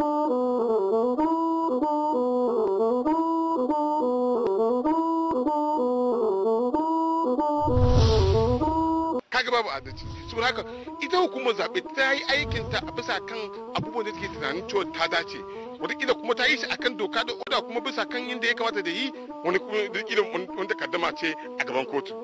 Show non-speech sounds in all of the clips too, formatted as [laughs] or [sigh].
kaga babu adalci saboda haka ita hukumar zaɓe ta yi aikinta a bisa kan abubuwan da take tunanin cewa ta dace wataƙila kuma ta yi shi akan doka da oda kuma bisa kan yadda ya kamata da yi wani wataƙila ce a gaban kotu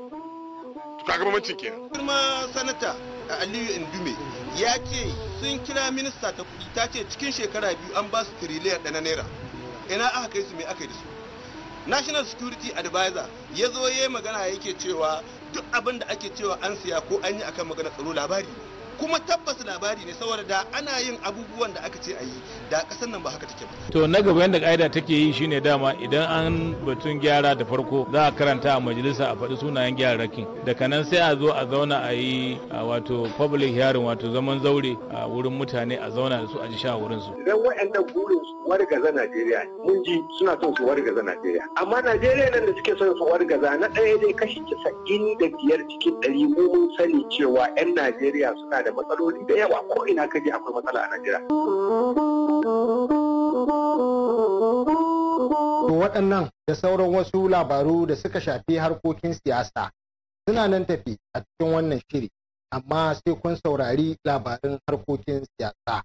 to kaga bambancin kenan. kuma sanata aliyu indume ya ce sun kira minista ta kudi ta ce cikin shekara biyu an ba su tiriliyar ɗana naira ina aka kai su me aka yi su national security advisor ya zo ya yi magana yake cewa duk abin da ake cewa an siya ko an yi akan magana tsaro labari ne kuma tabbas labari ne saboda da ana yin abubuwan da aka ce a yi da kasar nan ba haka take ba to na gaba yadda ka'ida take yi shine dama idan an batun gyara da farko za a karanta a majalisa a faɗi sunayen gyararrakin daga nan sai a zo a zauna a yi wato public hearing wato zaman zaure a wurin mutane a zauna da su a ji shawarin su idan wa'annan burin su wargaza Najeriya mun ji suna son su wargaza Najeriya amma Najeriya nan da suke son su wargaza na ɗaya dai kashi 95 cikin 100 mu mun sani cewa 'yan Najeriya suna da matsaloli da yawa ko ina ka je akwai matsala a Najeriya. To waɗannan da sauran wasu labaru da suka shafi harkokin siyasa suna nan tafi a cikin wannan shiri amma sai kun saurari labarin harkokin siyasa.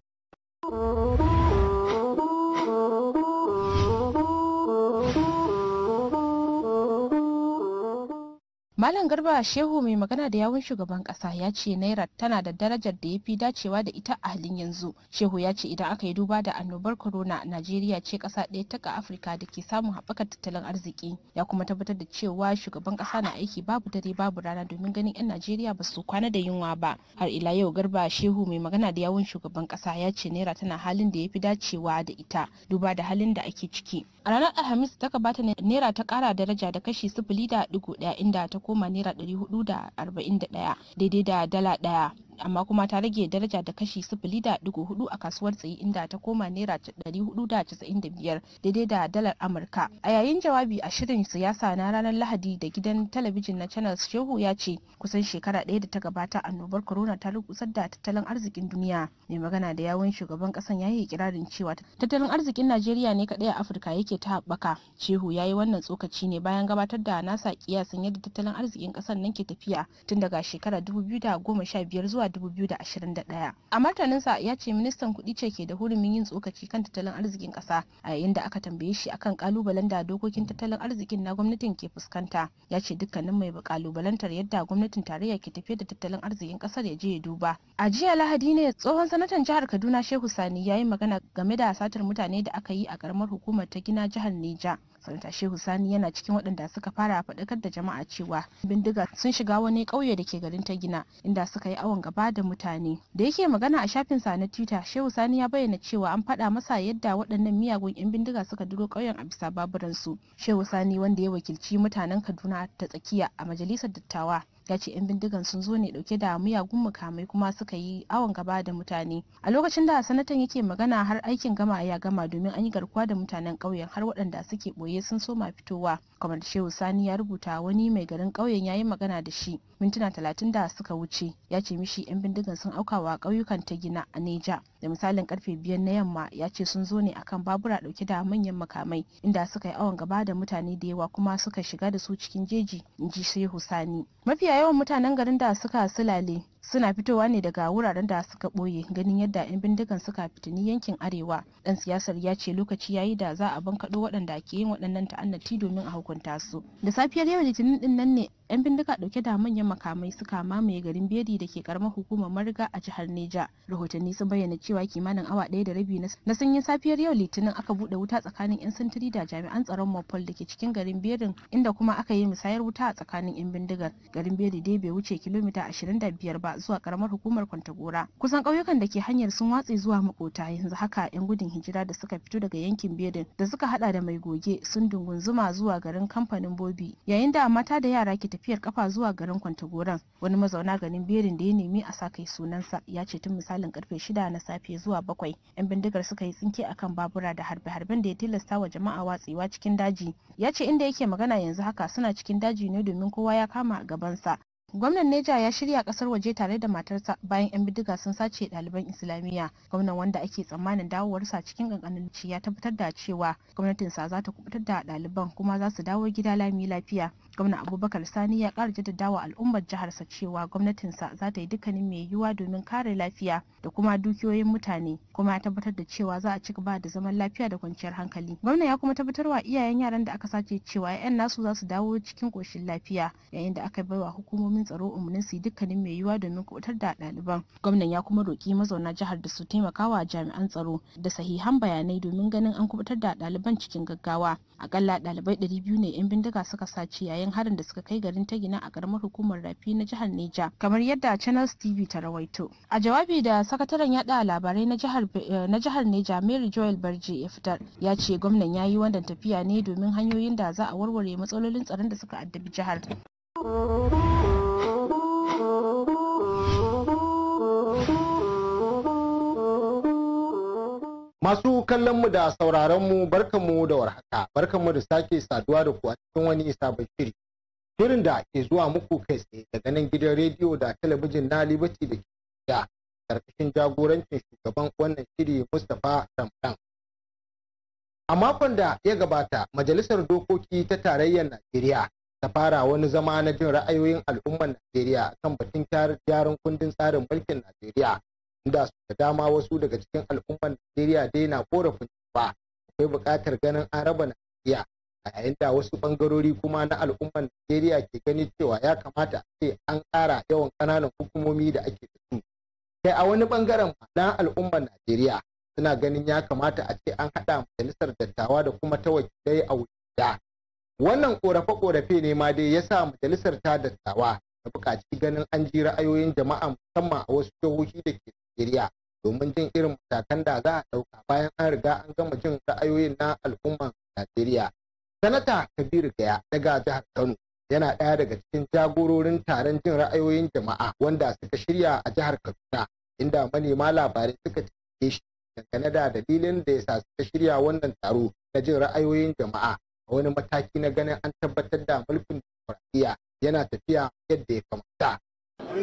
Malam Garba Shehu mai magana da yawun shugaban kasa ya ce naira tana da darajar da ya fi dacewa da ita a halin yanzu. Shehu ya ce idan aka yi duba da annobar corona Najeriya ce kasa ɗaya ta Afirka da ke samun haɓakar tattalin arziki. Ya kuma tabbatar da cewa shugaban kasa na aiki babu dare babu rana domin ganin 'yan Najeriya ba su kwana da yunwa ba. Har ila yau Garba Shehu mai magana da yawun shugaban kasa ya ce naira tana halin da ya fi dacewa da ita duba da halin da ake ciki. a ranar alhamis ta gabata naira ta kara daraja da kashi sifili da digo daya inda ta koma naira ɗari hudu da arba'in da ɗaya daidai da dala ɗaya amma kuma ta rage daraja da kashi sifili da dugu hudu a kasuwar tsaye inda ta koma naira ɗari hudu da casa'in da biyar daidai da dalar amurka a yayin jawabi a shirin siyasa na ranar lahadi da gidan talabijin na channel shehu ya ce kusan shekara ɗaya da ta gabata annobar corona ta rukusar da tattalin arzikin duniya mai magana da yawon shugaban kasan ya yi kirarin cewa tattalin arzikin najeriya ne kaɗai a afirka yake ta haɓaka shehu ya yi wannan tsokaci ne bayan gabatar da nasa kiyasin yadda tattalin arzikin ƙasar nan ke tafiya tun daga shekara dubu biyu da sha biyar zuwa 2021 a martaninsa ya ce ministan kuɗi ce ke da hurumin yin tsokaci kan tattalin arzikin ƙasa a yayin da aka tambaye shi akan kalubalen da dokokin tattalin arzikin na gwamnatin ke fuskanta ya ce dukkanin mai kalubalantar yadda gwamnatin tarayya ke tafiye da tattalin arzikin ƙasar ya je ya duba a jiya lahadi ne tsohon sanatan jihar kaduna shehu sani ya yi magana game da satar mutane da aka yi a karamar hukumar ta gina jihar neja sanata shehu sani yana cikin waɗanda suka fara faɗakar da jama'a cewa bindiga sun shiga wani ƙauye da ke garin ta gina inda suka yi awon gaba da mutane da yake magana a shafin sa na twitter shehu sani ya bayyana cewa an faɗa masa yadda waɗannan miyagun yan bindiga suka duro ƙauyen a bisa baburansu shehu sani wanda ya wakilci mutanen kaduna ta tsakiya a majalisar dattawa ya ce 'yan bindigan sun zo ne dauke da miyagun mukamai kuma suka yi awon gaba da mutane a lokacin da sanatan yake magana har aikin gama ya gama domin an yi garkuwa da mutanen ƙauyen har waɗanda suke ɓoye sun soma fitowa kamar shehu sani ya rubuta wani mai garin ƙauyen ya yi magana da shi mintuna talatin da suka wuce ya ce mishi 'yan bindigan sun aukawa kauyukan ta gina a neja da misalin karfe biyar na yamma ya ce sun zo ne akan babura dauke da manyan makamai inda suka yi awon gaba da mutane da yawa kuma suka shiga da su cikin jeji in ji shehu sani mafiya yawan mutanen garin da suka sulale suna fitowa ne daga wuraren da suka ɓoye ganin yadda 'yan bindigan suka fitini yankin arewa dan siyasar ya ce lokaci yayi da za a bankaɗo waɗanda ke yin waɗannan ta'annati domin a hukunta su da safiyar yau litinin din nan ne 'yan bindiga dauke da manyan makamai suka mamaye garin beri da ke karamar hukumar marga a jihar neja rahotanni sun bayyana cewa kimanin awa ɗaya da rabi na sanyin safiyar yau litinin aka bude wuta tsakanin 'yan sintiri da jami'an tsaron mopol da ke cikin garin berin inda kuma aka yi musayar wuta a tsakanin 'yan bindigar garin beri dai bai wuce kilomita 25 ba zuwa karamar hukumar kwantagora kusan ƙauyukan da ke hanyar sun watse zuwa makota yanzu haka 'yan gudun hijira da suka fito daga yankin berin da suka hada da mai goge sun dungunzuma zuwa garin kamfanin bobi yayin da mata da yara ke tafiyar kafa zuwa garin kwantagoran wani mazauna garin berin da ya nemi a sa kai sunansa ya ce tun misalin karfe shida na safe zuwa bakwai yan bindigar suka yi tsinke akan babura da harbe-harben da ya tilasta wa jama'a watsewa cikin daji ya ce inda yake magana yanzu haka suna cikin daji ne domin kowa ya kama a gabansa Gwamnan Neja ya shirya kasar waje tare da matarsa bayan 'yan bidiga sun sace ɗaliban Islamiyya. Gwamnan wanda ake tsammanin dawowarsa cikin ƙanƙanin ci ya tabbatar da cewa gwamnatinsa za ta kubutar da ɗaliban kuma za su dawo gida lami lafiya. Gwamnan Abubakar Sani ya ƙara jaddadawa al'ummar jiharsa cewa gwamnatinsa za ta yi dukkanin mai yiwuwa domin kare lafiya da kuma dukiyoyin mutane kuma ya tabbatar da cewa za a ci gaba da zaman lafiya da kwanciyar hankali. Gwamnan ya kuma wa iyayen yaran da aka sace cewa 'ya'yan nasu za su dawo cikin koshin lafiya yayin da aka baiwa hukumomin hukumomin tsaro umarnin su dukkanin mai yiwuwa domin kubutar da ɗaliban gwamnan ya kuma roƙi mazauna jihar da su taimakawa jami'an tsaro da sahihan bayanai domin ganin an kubutar da ɗaliban cikin gaggawa akalla ɗalibai ɗari biyu ne 'yan bindiga suka sace yayin harin da suka kai garin gina a ƙaramar hukumar rafi na jihar neja kamar yadda channels tv ta rawaito a jawabi da sakataren yaɗa labarai na jihar eh, na jihar neja mary joel barje ya fitar ya ce gwamnan ya yi wannan tafiya ne domin hanyoyin da za a warware matsalolin tsaron da suka addabi jihar. Masu kallon mu da sauraron mu barkanmu da warhaka, barkanmu da sake saduwa da ku a cikin wani sabon shiri. Shirin da ke zuwa muku kai tsaye daga nan gidan rediyo da talabijin na Liberty da ke da karkashin jagorancin shugaban wannan shiri Mustapha Ramadan. A makon da ya gabata, Majalisar Dokoki ta Tarayyar Najeriya ta fara wani zama na jin ra'ayoyin al'ummar Najeriya kan batun gyaran kundin tsarin mulkin Najeriya da da dama wasu daga cikin al'ummar Najeriya dai na korafin ba akwai buƙatar ganin an raba Najeriya a yayin da wasu bangarori kuma na al'ummar Najeriya ke ganin cewa ya kamata a ce an ƙara yawan ƙananan hukumomi da ake da su. Sai a wani bangaren na al'ummar Najeriya suna ganin ya kamata a ce an haɗa majalisar dattawa da kuma ta wakilai a wuri Wannan ƙorafe-ƙorafe ne ma dai ya sa majalisar ta dattawa na buƙaci ganin an ji ra'ayoyin jama'a musamman a wasu jihohi da ke Najeriya domin jin irin matakan da za a ɗauka bayan an riga an gama jin ra'ayoyin na al'umman Najeriya. Sanata Kabiru Gaya daga jihar Kano yana ɗaya daga cikin jagororin taron jin ra'ayoyin jama'a wanda suka shirya a jihar Kaduna inda manema labarai suka cike shi dangane da dalilin da yasa suka shirya wannan taro na jin ra'ayoyin jama'a a wani mataki na ganin an tabbatar da mulkin dimokuraɗiyya yana tafiya yadda ya kamata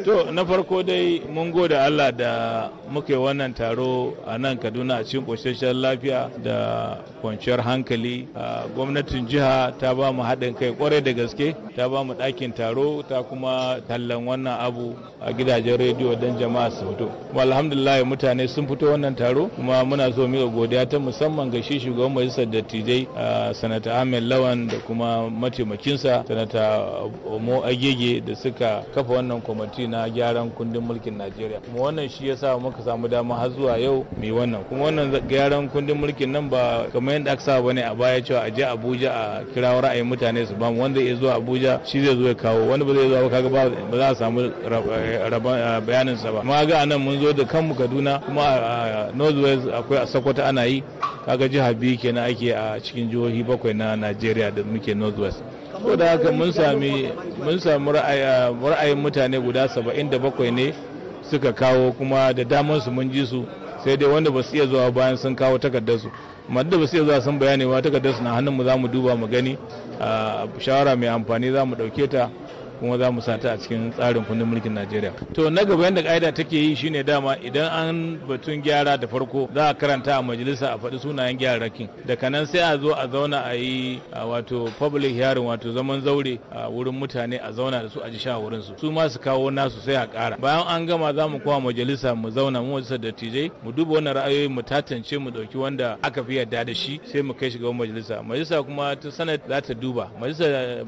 To na farko dai mun gode Allah da muke wannan taro a nan Kaduna a cikin ƙosashen lafiya da kwanciyar hankali. Gwamnatin jiha ta ba mu haɗin kai kwarai da gaske, ta ba mu ɗakin taro ta kuma tallan wannan abu a gidajen rediyo don jama'a su fito. Kuma alhamdulillah mutane sun fito wannan taro kuma muna so mu godiya ta musamman ga shi shugaban majalisar dattijai sanata Ahmed Lawan da kuma mataimakinsa sanata Omo Agege da suka kafa wannan kwamiti gwamnati na gyaran kundin mulkin najeriya kuma wannan shi ya sa muka samu dama har zuwa yau mai wannan kuma wannan gyaran kundin mulkin nan ba kamar yadda aka saba ne a baya cewa a je abuja a kirawo ra'ayin mutane su bamu wanda ya zo abuja shi zai zo ya kawo wanda ba zai zo ba kaga ba za a samu eh, eh, bayanin sa ba amma ga anan mun zo da kanmu kaduna kuma a northwest akwai a sokoto ana yi kaga jiha biyu kenan ake a cikin jihohi bakwai na najeriya da muke northwest ko da haka mun sami eh, ra'ayin mutane guda 77 ne suka kawo kuma da damar su mun ji su sai dai wanda ba su iya zuwa bayan sun kawo takardarsu amma da ba su iya zuwa sun bayani ba takardarsu na hannun mu za mu duba mu gani a ah, shawara mai amfani za mu ɗauke ta kuma za mu sata a cikin tsarin kundin mulkin najeriya to na gaba yadda ka'ida take yi shine dama idan an batun gyara da farko za a karanta a majalisa a faɗi sunayen gyararrakin daga nan sai a zo a zauna a yi wato public hearing wato zaman zaure a wurin mutane a zauna da su a ji shawarin su su ma su kawo nasu sai a ƙara bayan an gama za mu kowa majalisa mu zauna mu majalisar dattijai mu duba wannan ra'ayoyi mu tantance mu ɗauki wanda aka fi yarda da shi sai mu kai shi gaban majalisa majalisa kuma ta sanar za ta duba majalisa eh,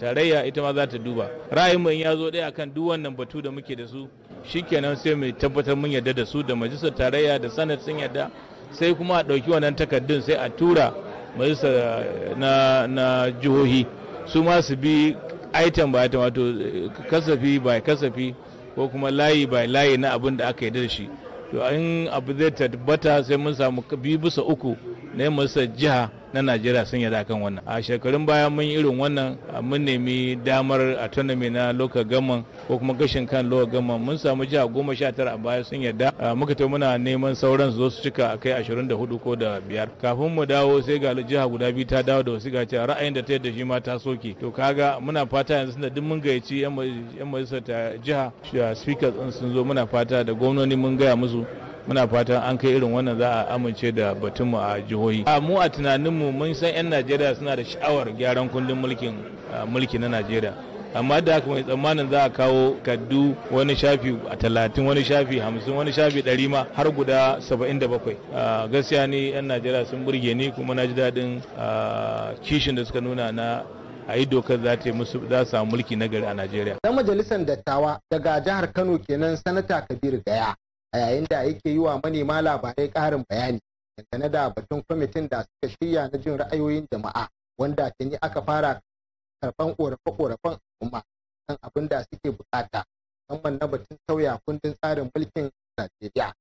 tarayya ita ma za ta duba ra'ayinmu mai ya zo ɗaya kan duk wannan batu da muke da su shikenan sai mu tabbatar mun yadda da su da majalisar tarayya da sanad sun yadda sai kuma a ɗauki wannan takardun sai a tura majalisar eh, na, na jihohi su ma su bi item by item wato eh, kasafi by kasafi ko kuma layi by layi na abin da aka yadda da shi to in abu zai tabbata sai mun samu biyu bisa uku na yin jiha na najeriya sun yarda kan wannan a shekarun baya mun irin wannan mun nemi damar autonomy na local gaman ko kuma gashin kan local gaman mun samu jiha goma sha tara a baya sun yarda muka ta muna neman sauran su su cika a kai ashirin da hudu ko da biyar kafin mu dawo sai ga jiha guda biyu ta dawo da wasu ga cewa ra'ayin da ta yadda shi ma ta soke to kaga muna fata yanzu da duk mun gayyaci yan majalisar ta jiha speakers sun zo muna fata da gwamnoni mun gaya musu muna fatan an kai irin wannan za a amince da batunmu a jihohi a mu a tunaninmu mun san 'yan najeriya suna da sha'awar gyaran kundin mulkin mulki na najeriya amma da haka mai tsammanin za a kawo kaddu wani shafi a talatin wani shafi hamsin wani shafi ɗari ma har guda saba'in da bakwai gaskiya ni 'yan najeriya sun burge ni kuma na ji daɗin kishin da suka nuna na a yi dokar za ta musu za samu mulki na gari a Najeriya. Dan majalisar dattawa daga jihar Kano kenan sanata Kabiru Gaya a yayin da yake yi wa manema labarai ƙarin bayani dangane da batun kwamitin da suka shirya na jin ra'ayoyin jama'a wanda tuni aka fara karɓan ƙorafe-ƙorafen al'umma kan abin da suke buƙata musamman na batun sauya kundin tsarin mulkin Najeriya.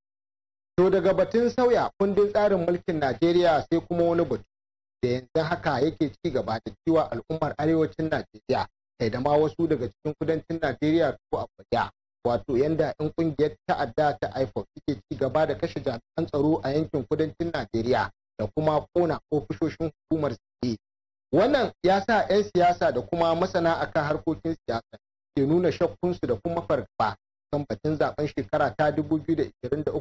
To daga batun sauya kundin tsarin mulkin Najeriya sai kuma wani batu da yanzu haka yake ci gaba da ciwa al'ummar arewacin Najeriya kai da ma wasu daga cikin kudancin Najeriya ko a wato yanda 'yan kungiyar ta'adda ta IFOP suke ci gaba da kashe jami'an tsaro a yankin kudancin Najeriya da kuma kona ofishoshin hukumar suke. Wannan ya sa 'yan siyasa da kuma masana akan harkokin siyasa ke nuna shakkunsu da kuma fargaba kan batun zaben shekara ta 2023 da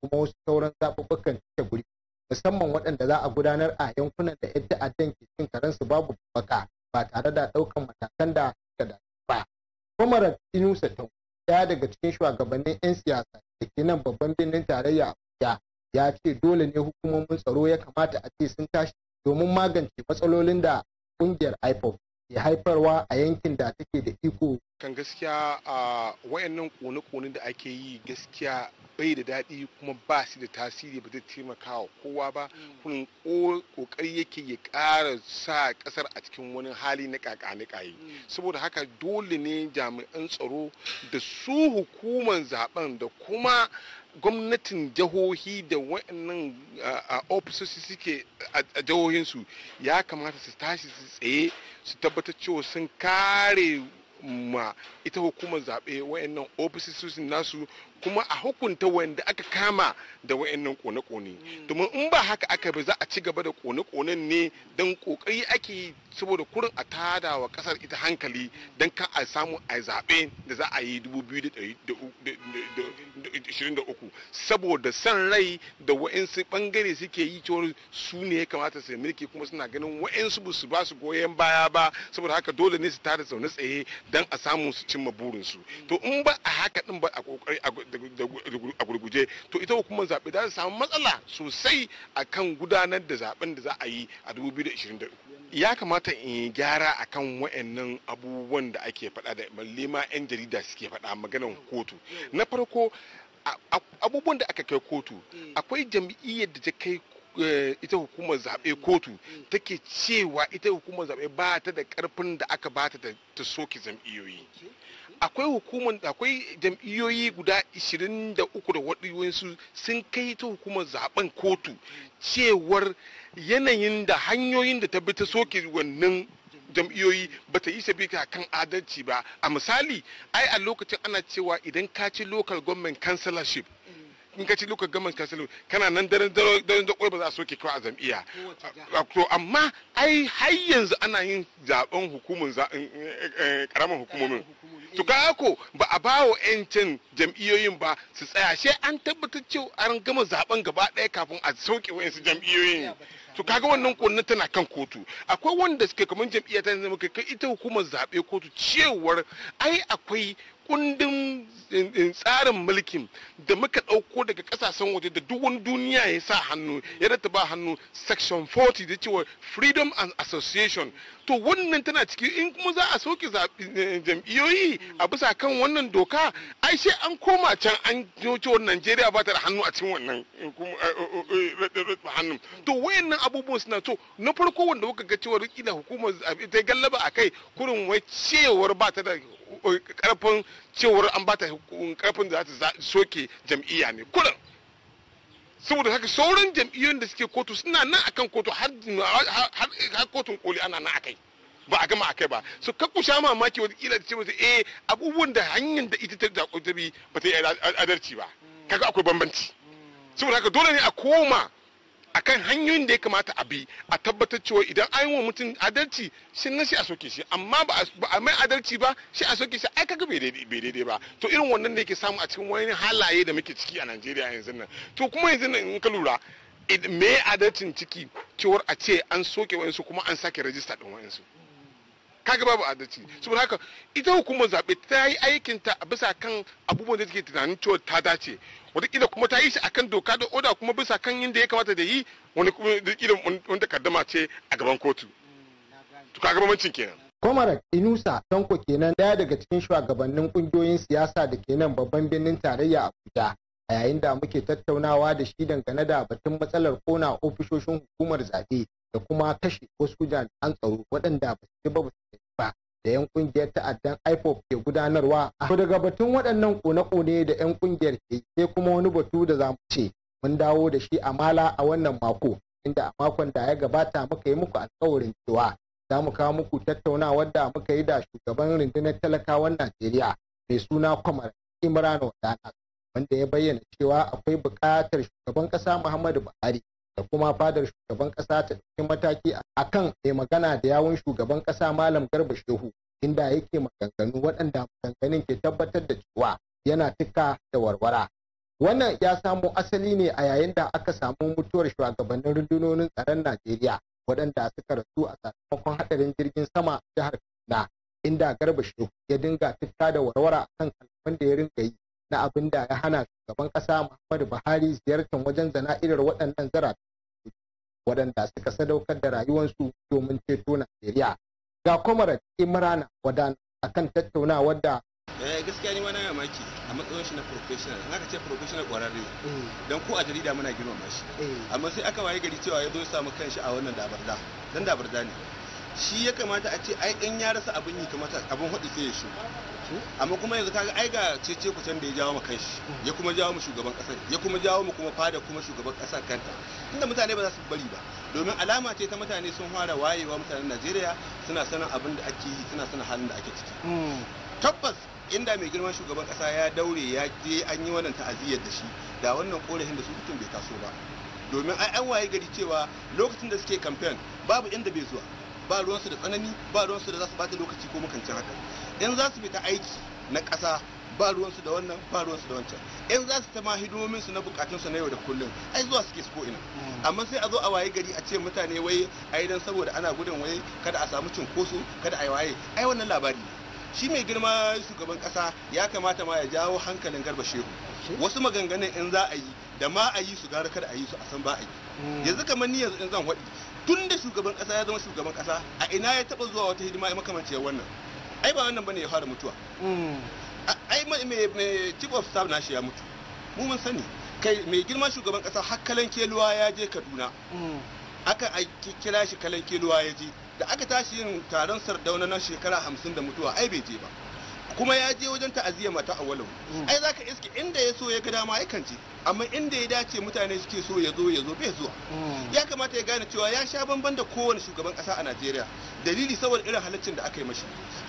kuma wasu sauran zaɓuɓɓukan cike guri musamman waɗanda za a gudanar a yankunan da 'yan ta'addan ke cin karensu babu baka ba tare da ɗaukan matakan da suka Umar Inusa ta ya daga cikin shugabannin 'yan siyasa da ke nan babban birnin tarayya a ya ce dole ne hukumomin tsaro ya kamata a ce sun tashi domin magance matsalolin da kungiyar IPOP ke haifarwa a yankin da take da iko. Kan gaskiya a wayannan kone-kone da ake yi gaskiya bai da daɗi kuma ba shi da tasiri ba zai taimaka wa kowa ba mm. kun kokari yake ya ƙara sa ƙasar a cikin wani hali na kakanikaye mm. saboda haka dole ne jami'an tsaro da su hukumar zaben da kuma gwamnatin jihohi da waɗannan ofisoshi suke a jihohinsu ya kamata su tashi su tsaye su tabbatar cewa sun kare ma ita hukumar zaɓe wayannan ofisoshin nasu kuma a hukunta wanda aka kama da wayannan kone-kone domin in ba haka aka bi za a ci gaba da kone-konen ne don kokari ake yi saboda kurin a tada wa kasar ita hankali don ka a samu a zaɓe da za a yi 23 saboda san rai da wa'insu bangare suke yi cewar su ne ya kamata su mulki kuma suna ganin wa'insu ba su ba su goyon baya ba saboda haka dole ne su tada zaune tsaye don a samu su cimma burinsu to in ba a haka din ba a kokari a gurguje to ita hukumar zaɓe za ta samu matsala sosai a kan gudanar da zaɓen da za a yi a 2023 ya kamata in yi gyara kan wa'annan abubuwan da ake faɗa da lema 'yan jarida suke faɗa maganin kotu na farko abubuwan da aka kai kotu mm. akwai jam'iyyar da ta kai eh, ita hukumar zaɓe kotu mm. Mm. take cewa ita hukumar zaɓe ba ta da ƙarfin da aka bata da ta soke jam'iyyoyi akwai hukumar akwai jam'iyyoyi guda 23 da waɗiyoyinsu sun kai ta hukumar zaɓen kotu cewar yanayin da hanyoyin da ta bi ta soke wannan jam'iyoyi ba ta yi sabita kan adalci ba a misali ai a lokacin ana cewa idan ka ci local government councilorship in ka ci local government councilorship kana nan daren daren da ba za a soke kawai a jam'iyya to amma ai har yanzu ana yin zaben hukumar karamin eh, eh, hukumomin to ka ko ba a ba wa 'yancin jam'iyoyin ba su tsaya shi an tabbatar cewa an gama zaben gaba ɗaya kafin a sauke wa'yansu jam'iyoyin. to kaga wannan kunnin tana kan kotu akwai wanda suke kamar jam'iyyar ta zama kai ita hukumar zaɓe kotu cewar ai akwai kundin eh, eh, tsarin mulkin da muka ɗauko daga ƙasashen waje da duk wani duniya ya sa hannu ya ba hannu section 40 da cewa freedom and association to wannan tana ciki in kuma za a soke eh, jam'iyyoyi a bisa kan wannan doka ai sai an koma can an cewa najeriya ba ta da hannu a cikin wannan hannun to wayannan abubuwan suna to na farko wanda muka ga cewa rikila hukumar ta gallaba a kai kurin wai cewar ba ta da karfin cewar an bata karfin da za ta soke jam'iyya ne kudin saboda haka sauran jam'iyyun da suke kotu suna nan akan kotu har kotun koli ana nan akai ba a gama akai ba su kakku sha mamaki wata kila da ce mata eh abubuwan da hanyar da ita ta zaɓo ta bi ba ta yi adalci ba kaga akwai bambanci saboda haka dole ne a koma akan hanyoyin da ya kamata a bi a tabbatar cewa idan an yi wa mutum adalci shi nan shi a soke shi amma ba a mai adalci ba shi a soke shi ai kaga bai daidai ba to irin wannan da yake samu a cikin wani halaye da muke ciki a Najeriya yanzu nan to kuma yanzu nan in ka lura me adalcin ciki cewar a ce an soke wa'insu kuma an sake rajista ɗin wa'insu kaga babu adalci saboda haka ita hukumar zaɓe ta yi aikinta ta bisa kan abubuwan da take tunanin cewa ta dace wataƙila kuma ta yi shi akan doka da oda kuma bisa kan yadda ya kamata da yi wani kuma wani takaddama ce a gaban kotu to kaga mamancin kenan Comrade Inusa Tanko kenan daya daga cikin shugabannin kungiyoyin siyasa da ke nan babban birnin tarayya Abuja a yayin da muke tattaunawa da shi dangane da batun matsalar kona ofishoshin hukumar zaɓe da kuma kashe wasu jami'an tsaro waɗanda ba su ba su ba da 'yan kungiyar ta'addan IPOP ke gudanarwa a daga batun waɗannan kone-kone da 'yan kungiyar ke sai kuma wani batu da za mu ce mun dawo da shi a mala a wannan mako inda a makon da ya gabata muka yi muku alkawarin cewa za mu kawo muku tattaunawa da muka yi da shugaban rundunar talakawan Najeriya mai suna Kwamar Imran Wadana wanda ya bayyana cewa akwai buƙatar shugaban ƙasa Muhammadu Buhari da kuma fadar shugaban kasa ta ɗauki mataki a kan mai magana da yawun shugaban kasa malam garba shehu inda yake maganganu waɗanda maganganun ke tabbatar da cewa yana tuka da warwara wannan ya samo asali ne a yayin da aka samu mutuwar shugabannin rundunonin tsaron najeriya waɗanda suka rasu a sakamakon haɗarin jirgin sama jihar kaduna inda garba shehu ya dinga tuka da warwara kan kalaman da ya rinka yi na abin da ya hana shugaban kasa Muhammadu Buhari ziyartar wajen irin waɗannan zara waɗanda suka sadaukar da rayuwarsu domin ceto Najeriya. Ga Comrade Imrana Wadan akan tattaunawar da eh gaskiya ni ma na maki a matsayin shi na professional in aka ce professional kwararre dan ko a jarida muna girmama shi eh. amma sai aka waye gari cewa ya zo samu kanshi a wannan dabarda dan dabarda ne shi ya kamata a ce ai in ya rasa abin yi kamata abin hudu sai ya shi amma kuma yanzu kaga ai ga cece can da ya jawo mu kanshi ya kuma jawo mu shugaban kasar ya kuma jawo mu kuma fada kuma shugaban kasar kanta tunda mutane ba za su bari ba domin alama ce ta mutane sun fara wayewa mutanen Najeriya suna sanin abin da ake yi suna sanin halin da ake ciki hmm. tabbas inda mai girman shugaban kasa ya daure ya je an yi wannan ta'aziyar da shi da wannan korafin da su mutum bai taso ba domin ai an waye gari cewa lokacin da suke kamfen babu inda bai zuwa ba ruwansu da tsanani ba ruwansu da za su bata lokaci ko ci haka in za su fita aiki na ƙasa ba ruwansu da wannan ba ruwansu da wancan in za su ma hidimomin su na bukatunsu na yau da kullum ai zuwa suke su ko'ina mm. amma sai a zo a waye gari a ce mutane wai ai dan saboda ana gudun waye kada a samu cunkoso kada a waye ai wannan labari shi mai girma shugaban kasa ya kamata ma ya jawo hankalin garba shehu wasu maganganun in za a yi da ma a yi su gara kada a yi su a san ba a yi mm. yanzu kamar ni yanzu in zan waɗi tun da shugaban kasa ya zama shugaban kasa a ina ya taɓa zuwa wata hidima makamanciyar wannan ai ba wannan bane ya fara mutuwa mm. ai mai chief of staff nashi ya mutu mu mun sani kai mai girma shugaban kasa har kalan keluwa ya je kaduna mm. aka kira shi kalan keluwa ya je da aka tashi yin taron sardauna na shekara hamsin da mutuwa ai bai je ba kuma ya je wajen ta'aziyya mata a walau mm. ai zaka iske inda ya so ya ga dama kan je amma inda ya dace mutane suke so ya zo ya zo bai zuwa hmm. ya kamata ya gane cewa ya sha bamban da kowane shugaban kasa a Najeriya dalili saboda irin halaccin da aka yi mashi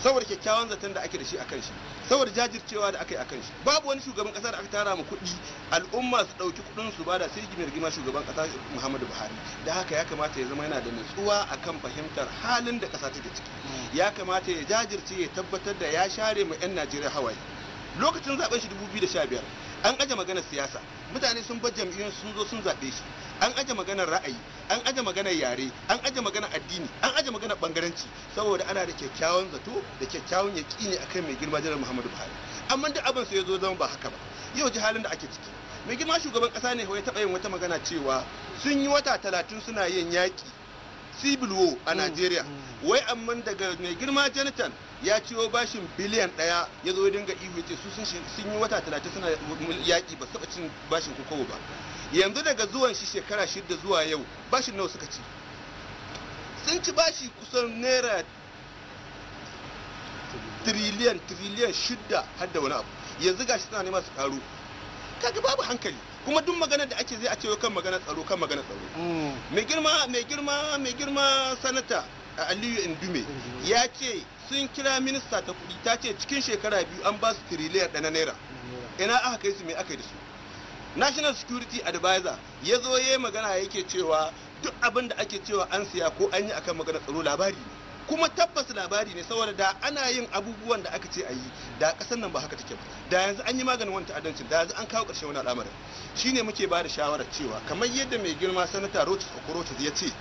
saboda kyakkyawan zaton da ake da shi akan shi saboda jajircewa da aka yi a shi babu wani shugaban kasa da aka tara mu kuɗi al'umma su ɗauki kuɗin su bada sai gimir gima shugaban kasa Muhammadu Buhari da haka ya kamata ya zama yana da nutsuwa akan fahimtar halin da kasa take ciki hmm. ya kamata ya jajirce ya tabbatar da ya share mu 'yan Najeriya hawaye lokacin zaben shi 2015 an aje maganar siyasa mutane sun bar jam'iyyun sun zo sun zaɓe shi an aje maganar ra'ayi an aje maganar yare an aje maganar addini an aje maganar bangaranci saboda ana da kyakkyawan zato da kyakkyawan a akan mai girma jiran muhammadu buhari amma duk abin sai ya zo zama ba haka ba yau ji halin da ake ciki mai girma shugaban ƙasa ne ya taɓa yin wata magana cewa sun yi wata talatin suna yin yaƙi civil war a Najeriya wai amma daga mai girma Jonathan ya ciwo bashin biliyan daya ya zo dinga ihu ce su sun yi wata talatin suna yaƙi ba saba cin bashin kokowa ba yanzu daga zuwan shi shekara shida zuwa yau bashin nawa suka ci sun ci bashi kusan naira tiriliyan triliyan shida har da wani abu yanzu gashi suna nema masu karu kaga babu hankali kuma duk magana da ake zai a cewa kan magana tsaro kan magana tsaro mm. mai girma mai girma mai girma sanata aliyu indume ya ce sun kira minista ta kuɗi ta ce cikin shekara biyu an ba su tiriliyar ɗana naira ina aka kai su mai aka da su national security advisor ya zo ya yi magana yake cewa duk abin da ake cewa an siya ko an yi akan magana tsaro labari ne kuma tabbas labari ne saboda da ana yin abubuwan da aka ce a yi da ƙasar nan ba haka take ba da yanzu an yi maganin wani ta'addancin da yanzu an kawo ƙarshen wani al'amarin shine muke ba da shawarar cewa kamar yadda mai girma sanata rotis okorotis ya ce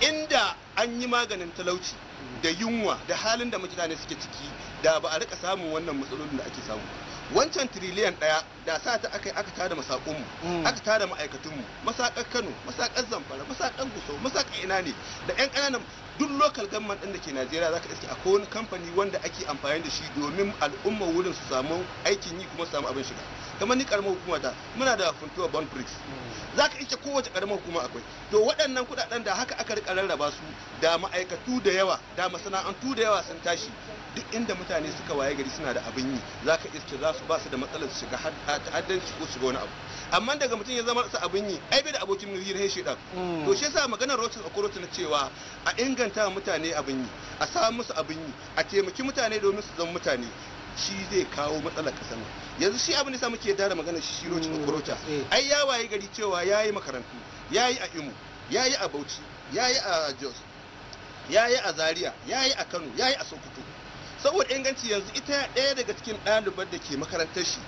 inda an yi maganin talauci da yunwa da halin da mutane suke ciki da ba a rika samun wannan matsalolin da ake samu ba. wancan tiriliyan daya da sa ta aka aka tada masakunmu mm. aka tada ma'aikatunmu masakar kano masakar zamfara masakar guso masakar ina ne da yan kananan duk lokal government din da ke najeriya zaka iske akwai wani kamfani wanda ake amfani da shi domin al'umma wurin su samu aikin yi kuma su samu abin shiga kamar ni karamar hukuma ta muna da funtuwa bond bricks mm. za ka iske kowace karamar hukuma akwai to waɗannan kuɗaɗen da haka aka rika rarraba su da ma'aikatu da yawa da masana'antu da yawa sun tashi duk inda mutane suka waye gari suna da abin yi za ka iske za su ba su da matsalar shiga haddan ko shiga wani abu amma daga mutum ya zama su abin yi ai bai da abokin nazir shi dan mm. to shi yasa maganar rotin a na cewa a inganta mutane abin yi a samu musu abin yi a taimaki mutane domin su zama mutane shi zai kawo matsalar kasan yanzu shi abin da sa muke dara magana shi mm. rotin a eh. ai ya waye gari cewa ya yi makarantu ya yi a Imo yi a Bauchi ya yi a Jos ya yi a Zaria yi a Kano yayi a Sokoto saboda inganci yanzu ita ɗaya daga cikin ɗalibar da ke makarantar shi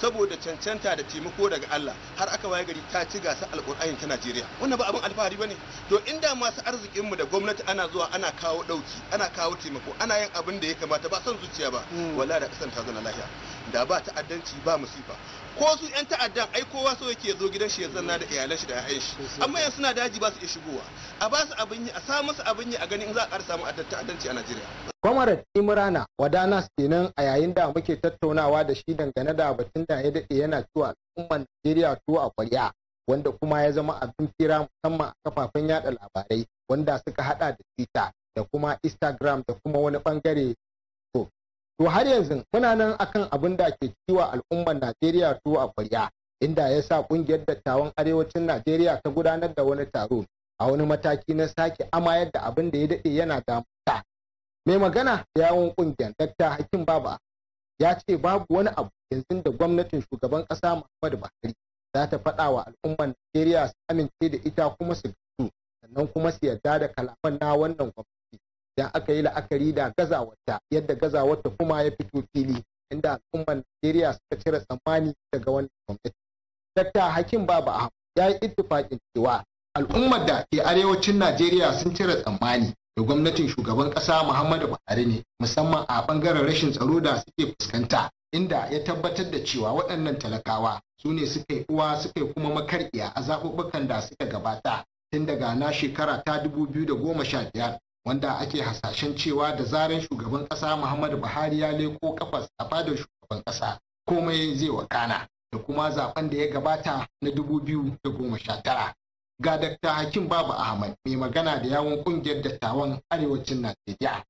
saboda cancanta da taimako daga Allah har aka waye gari ta ci gasa alƙur'ani ta Najeriya wannan ba abin alfahari bane to inda masu arzikin mu da gwamnati ana zuwa ana kawo dauki ana kawo taimako ana yin abin da ya kamata ba son zuciya ba hmm. wallahi da kasan ta zana lafiya da ba ta'addanci ba musifa ko su yan ta'addan ai kowa so yake zo gidan shi ya zanna da iyalan shi da yayan shi amma yanzu suna daji ba su iya shigowa a ba su abin yi a sa musu abin yi a ganin za a ƙara samu ta'addanci a Najeriya Kwamarat Imrana Wadanas kenan a yayin da muke tattaunawa da shi dangane da batun da ya dade yana cewa al'ummar Najeriya tuwo a ƙwarya wanda kuma ya zama abin fira musamman a kafafen yada labarai wanda suka hada da Twitter da kuma Instagram da kuma wani bangare to har yanzu muna nan akan abin da ke ciwa al'ummar najeriya to a kwarya inda ya sa kungiyar dattawan arewacin najeriya ta gudanar da wani taro a wani mataki na sake amayar da abin da ya daɗe yana damuta mai magana da yawon kungiyar dakta hakim baba ya ce babu wani abu yanzu da gwamnatin shugaban ƙasa muhammadu buhari za ta faɗa wa al'ummar najeriya su amince da ita kuma su sannan kuma su yarda da kalaman na wannan gwamnati idan aka yi la'akari da gazawarta yadda gazawarta kuma ya fito fili inda al'ummar Najeriya suka cire tsammani daga wannan gwamnati. Dakta Hakim Baba Ahmad ya yi ittifaƙin cewa al'ummar da ke arewacin Najeriya sun cire tsammani da gwamnatin shugaban ƙasa Muhammadu Buhari ne musamman a bangaren rashin tsaro da suke fuskanta inda ya tabbatar da cewa waɗannan talakawa su ne suka yi uwa suka yi kuma makarƙiya a zaɓuɓɓukan da suka gabata tun daga na shekara ta dubu biyu da goma sha 2015 wanda ake hasashen cewa da zarar shugaban ƙasa muhammadu buhari ya leko kafas a fadar shugaban ƙasa komai zai wakana da kuma zaben da ya gabata na 2019 ga dakta hakim babu ahmad mai magana da yawon kungiyar dattawan arewacin najeriya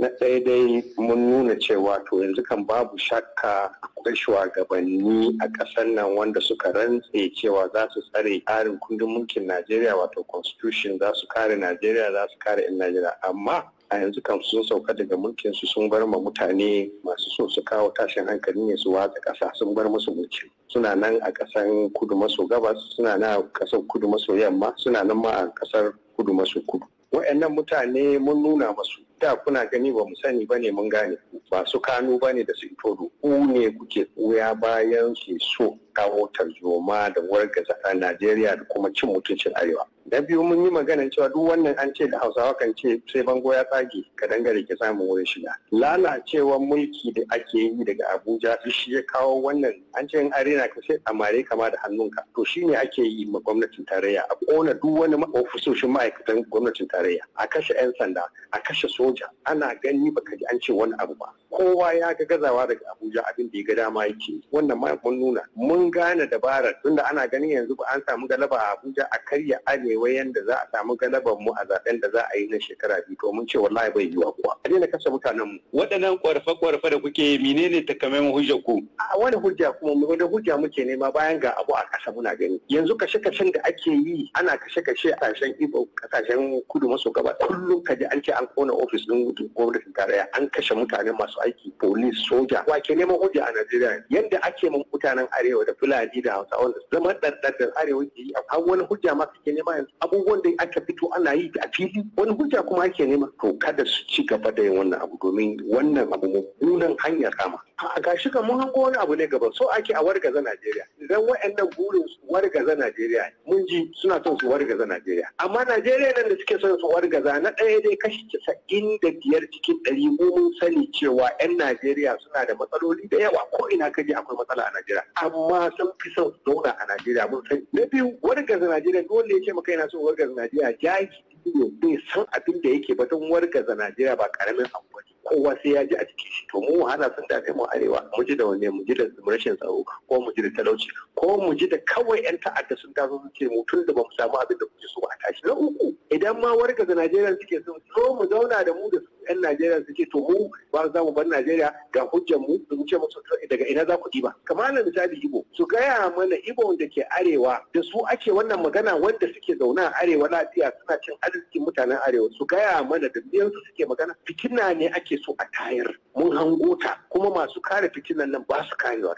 na ɗaya dai mun nuna cewa to yanzu kan babu shakka akwai shugabanni a ƙasar nan wanda suka rantse cewa za su tsare tsarin kundin mulkin najeriya wato constitution za su kare najeriya za su kare 'yan najeriya amma a yanzu kan sun sauka daga mulkin su sun bar ma mutane masu so su kawo tashin hankali ne su watsa ƙasa sun bar musu mulki suna nan a ƙasar kudu maso gabas suna nan a ƙasar kudu maso yamma suna nan ma a ƙasar kudu maso kudu wa'annan mutane mun nuna masu da kuna gani ba mu sani ba ne mun gane ba su kano ba ne da su ito ku ne kuke koya bayan ke so kawo tarzoma da wargaza a Najeriya da kuma cin mutuncin Arewa. Na biyu mun yi maganin cewa duk wannan an ce da Hausawa kan ce sai bango ya tsage ka dangare ki samun wurin shiga. Lalacewar mulki da ake yi daga Abuja shi ya kawo wannan an ce in arena ka sai a mare kama da hannunka. To shine ake yi ma gwamnatin tarayya a kona duk wani ofisoshin ma'aikatan gwamnatin tarayya a kashe 'yan sanda a kashe soja ana gani baka ji an ce wani abu ba. Kowa ya ga gazawa daga Abuja abin da ya ga dama yake wannan ma mun nuna mun an gane dabarar tunda ana ganin yanzu ba an samu galaba a Abuja a karya arewa yanda za a samu galaban mu a zaben da za a yi na shekara biyu to mun ce wallahi bai yiwa kuwa a daina kashe mutanen mu waɗannan kwarfe kwarfe da kuke yi menene takamaiman hujjar ku a wani hujja kuma mu wani hujja muke nema bayan ga abu a kasa muna gani yanzu kashe kashen da ake yi ana kashe kashe a kasashen Ibo kasashen kudu maso gaba kullum kaji an ce an kona ofis din gwamnatin tarayya an kashe mutane masu aiki police soja wa ke neman hujja a Najeriya yadda ake mun mutanen arewa da fulani da hausa wanda zaman ɗanɗan arewa ke yi a wani hujja ma kake nema yanzu abubuwan da aka fito ana yi a fili wani hujja kuma ake nema to kada su ci gaba da yin wannan abu domin wannan abu mummunan hanya kama a gashi kan mun hango wani abu ne gaba so ake a wargaza Najeriya idan waɗannan burin su wargaza Najeriya mun ji suna son su wargaza Najeriya amma Najeriya nan da suke son su wargaza na ɗaya dai kashi casa'in da biyar cikin ɗari mun sani cewa 'yan Najeriya suna da matsaloli da yawa ko ina kaje akwai matsala a Najeriya amma sun fi son zauna a Najeriya mun sani. Na biyu wani gaza Najeriya dole ya ce maka yana son wargaza Najeriya jahili ne bai san abin da yake batun wargaza Najeriya ba ƙaramin abu ba kowa sai ya ji a cikin shi to mu wahala sun da mu arewa mu ji da wanne mu ji da rashin tsaro ko mu ji da talauci ko mu ji da kawai yan ta'adda sun taso su ce mu tun da ba mu samu abin da kuke so a tashi na uku idan ma warga da Najeriya suke so so mu zauna da mu da yan Najeriya suke to mu ba za mu bar Najeriya ga hujjar mu mu ce musu daga ina za ku ba? kamar misali Ibo su gaya mana Ibo da ke arewa da su ake wannan magana wanda suke zauna a arewa lafiya suna cin arzikin mutanen arewa su gaya mana da su suke magana fitina ne ake ake so a tayar mun hango ta kuma masu kare fitinan nan ba su karewa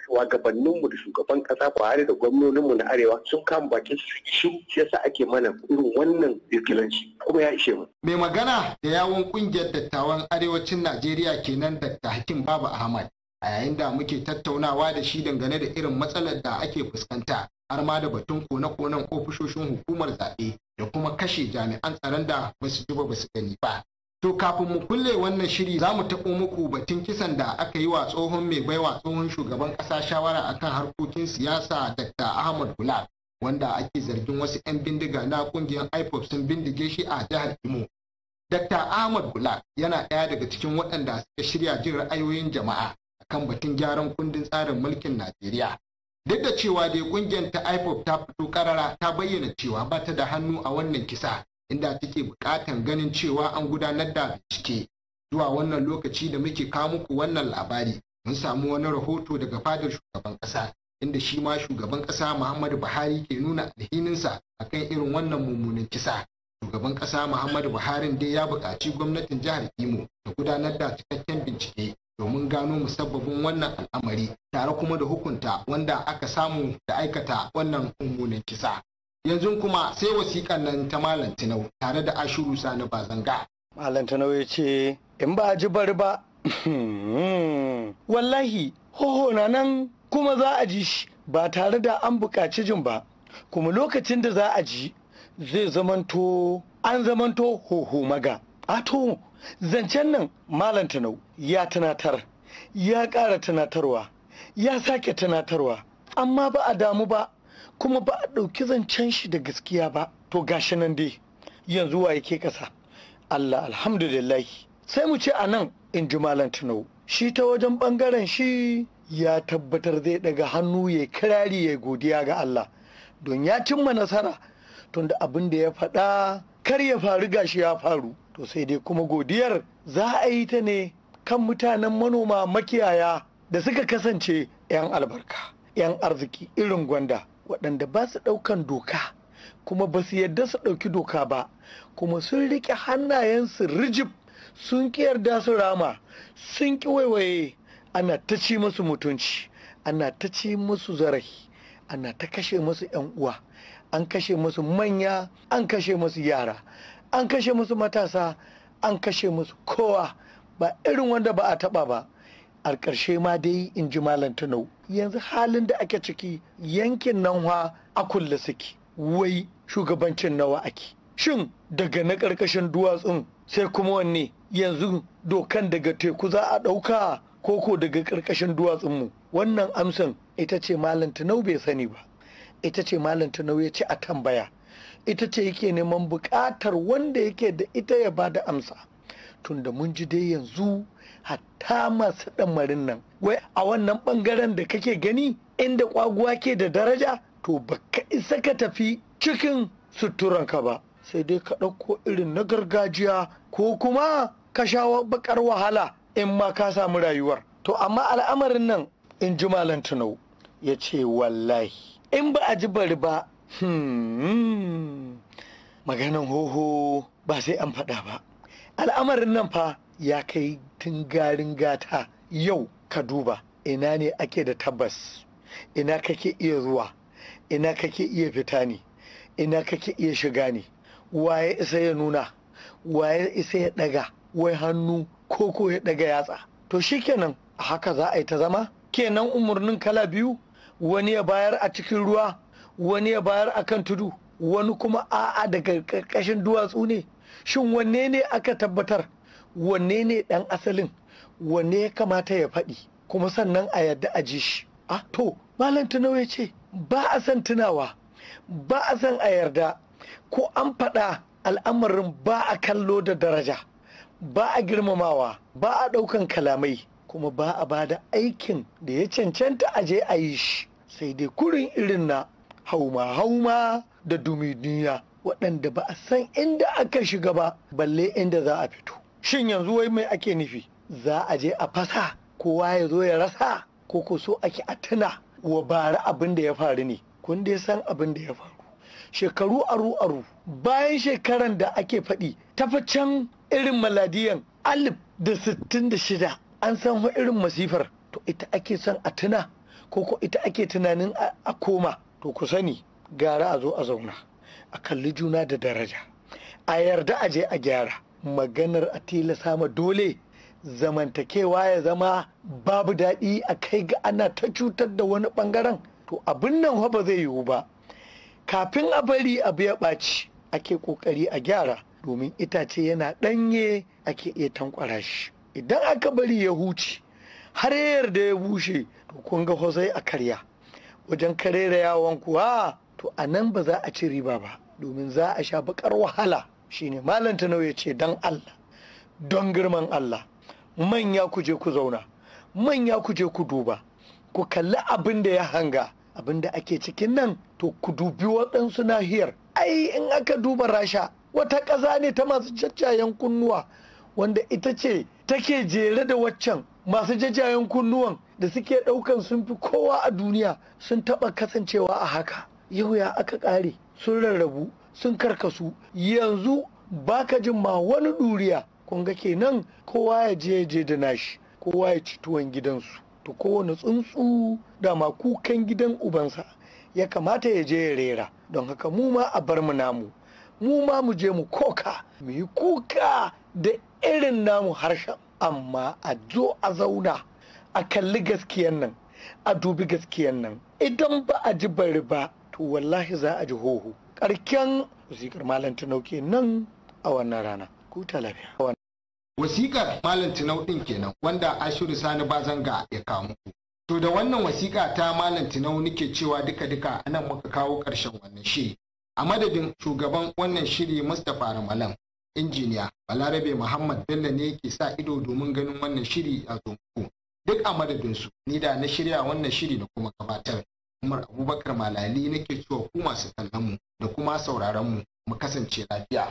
mu da shugaban kasa buhari da gwamnoninmu na arewa sun kama bakin su shi yasa ake mana irin wannan irgilanci kuma ya ishe mu mai magana da yawon kungiyar dattawan arewacin najeriya kenan da hakim baba ahmad a yayin da muke tattaunawa da shi dangane da irin matsalar da ake fuskanta har ma da batun kone-konen ofishoshin hukumar zaɓe da kuma kashe jami'an tsaron da basu ji ba basu gani ba To kafin mu kulle wannan shiri za mu taɓo muku batun kisan da aka yi wa tsohon mai baiwa tsohon shugaban ƙasa shawara akan harkokin siyasa Dr. Ahmad Gulab wanda ake zargin wasu 'yan bindiga na ƙungiyar IPOP sun bindige shi a jihar Imo. Dr. Ahmad Gulab yana ɗaya daga cikin waɗanda suka shirya jin ra'ayoyin jama'a akan batun gyaran kundin tsarin mulkin Najeriya. Duk da cewa dai ƙungiyar ta IPOP ta fito ƙarara ta bayyana cewa ba ta da hannu a wannan kisa. inda take bukatan ganin cewa an gudanar da bincike zuwa wannan lokaci da muke kawo muku wannan labari mun samu wani rahoto daga fadar shugaban ƙasa inda shi ma shugaban ƙasa Muhammadu Buhari ke nuna alhininsa akan irin wannan mummunan kisa shugaban ƙasa Muhammadu Buhari dai ya buƙaci gwamnatin jihar Imo ta gudanar da cikakken bincike domin gano musabbabin wannan al'amari tare kuma da hukunta wanda aka samu da aikata wannan mummunan kisa. yanzu kuma sai wasiƙan nan ta malam tinau tare da ashuru sani bazanga malam tinau ya ce in ba a ji bari ba [laughs] wallahi hoho na nan kuma za a ji shi ba tare da an buƙaci jin ba kuma lokacin da za a ji zai zamanto an zamanto hoho maga ato zancen nan malam tinau ya tunatar ya ƙara tunatarwa ya sake tunatarwa amma ba a damu ba kuma ba a ɗauki zancen shi da gaskiya ba to gashi nan dai yanzu wa yake ƙasa Allah alhamdulillah sai mu ce a nan in ji malam tunau shi ta wajen ɓangaren shi ya tabbatar zai daga hannu ya kirari ya godiya ga Allah don ya cimma nasara tunda abin da ya faɗa kar ya faru gashi ya faru to sai dai kuma godiyar za a yi ta ne kan mutanen manoma makiyaya da suka kasance 'yan albarka 'yan arziki irin gwanda waɗanda ba su ɗaukan doka kuma ba su yarda su ɗauki doka ba kuma sun riƙe hannayensu rijib sun ƙi yarda su rama sun ƙi waiwaye ana ta ci musu mutunci ana ta ci musu zarafi ana ta kashe musu 'yan uwa an kashe musu manya an kashe musu yara an kashe musu matasa an kashe musu kowa ba irin wanda ba a taɓa ba a ƙarshe ma dai in ji malam tunau yanzu halin da ake ciki yankin nan a kulle suke wai shugabancin nawa ake shin daga na ƙarƙashin duwatsun sai kuma wanne yanzu dokan daga teku za a ɗauka koko daga ƙarƙashin duwatsunmu wannan amsan ita ce malam tunau bai sani ba ita ce malam tunau ya ce a tambaya ita ce yake neman buƙatar wanda yake da ita ya ba da amsa tunda mun ji dai yanzu hatta masu ɗamarin nan wai a wannan ɓangaren da kake gani inda ƙwaguwa ke da daraja to ba ka isa ka tafi cikin suturanka ba sai dai ka ɗauko irin na gargajiya ko kuma ka sha bakar wahala in ma ka samu rayuwar to amma al'amarin nan in ji malam tunau ya ce wallahi in ba a ji bari ba hmm, maganan hoho ba sai an faɗa ba al'amarin nan fa ya kai tun garin gata yau ka duba ina ne ake da tabbas ina kake iya zuwa ina kake iya fita ne ina kake iya shiga ne waye isa ya nuna waye isa ya daga wai hannu ko ko ya daga yatsa to shi shikenan haka za a yi ta zama kenan umarnin kala biyu wani ya bayar a cikin ruwa wani ya bayar a kan tudu wani kuma a'a daga ƙarƙashin duwatsu ne shin wanne ne aka tabbatar wanne ne ɗan asalin wanne ya kamata ya faɗi kuma sannan a yadda a ji shi A ah, to malam tunawa ya ce ba a san tunawa ba a san a yarda ko an faɗa al'amarin ba a kallo da daraja ba a girmamawa ba a ɗaukan kalamai kuma ba a ba da aikin da ya cancanta a je a yi shi sai dai kurin irin na hauma hauma da dumi duniya waɗanda ba a san inda aka shiga ba balle inda za a fito shin yanzu wai mai ake nufi za a je a fasa kowa ya zo ya rasa ko ko so ake a tuna wa bara abin da ya faru ne kun dai san abin da ya faru shekaru aru aru bayan shekaran da ake faɗi tafacen irin maladiyan alif da sittin da shida an san irin masifar to ita ake son a tuna ko ko ita ake tunanin a koma to ku sani gara a zo a zauna a kalli juna da daraja a yarda a je a gyara maganar a tilasa ma dole zamantakewa ya zama babu daɗi a kai ga ana ta cutar da wani ɓangaren to abin nan ba zai yiwu ba kafin a bari abu ya ɓaci ake ƙoƙari a gyara domin itace yana ɗanye ake iya tankwara shi idan aka bari ya huce har yarda ya bushe to kun ga hosai a karya wajen karera yawon kuwa to a nan ba za a ci riba ba domin za a sha bakar wahala shine malam tanau ya ce don Allah don girman Allah manya ku je ku zauna manya ku je ku duba ku kalli abin da ya hanga abin da ake cikin nan to ku dubi waɗansu nahiyar ai in aka duba rasha wata ƙasa ne ta masu jajjayen kunnuwa wanda ita ce take jere da waccan masu jajjayen kunnuwan da suke ɗaukan sun fi kowa a duniya sun taɓa kasancewa a haka yau ya aka ƙare sun rarrabu sun karkasu yanzu baka jin ma wani duriya kun ga kenan kowa ya je je da nashi kowa ya ci tuwon gidansu to kowane tsuntsu dama kukan gidan ubansa ya kamata ya je ya rera don haka mu ma a bar mu namu mu ma mu je mu koka mu yi kuka da irin namu harshen amma a zo a zauna a kalli gaskiyan nan a dubi gaskiyan nan idan ba a ji bari ba to wallahi za a ji hoho ƙarken wasikar malam tinau nan a wannan rana ku wasikar malam tinau ɗin kenan wanda ashiru sani bazanga ya kamu to da wannan wasiƙa ta malam tinau nake cewa duka-duka anan muka kawo ƙarshen wannan shi? a madadin shugaban wannan shiri mustapha ramalan injiniya balarabe muhammad bello ne ke sa ido domin ganin wannan shiri a zo duk a madadinsu ni da na shirya wannan shiri da kuma gabatar Umar Abubakar Malali nake cewa ku masu kallon mu da kuma sauraron mu mu kasance lafiya.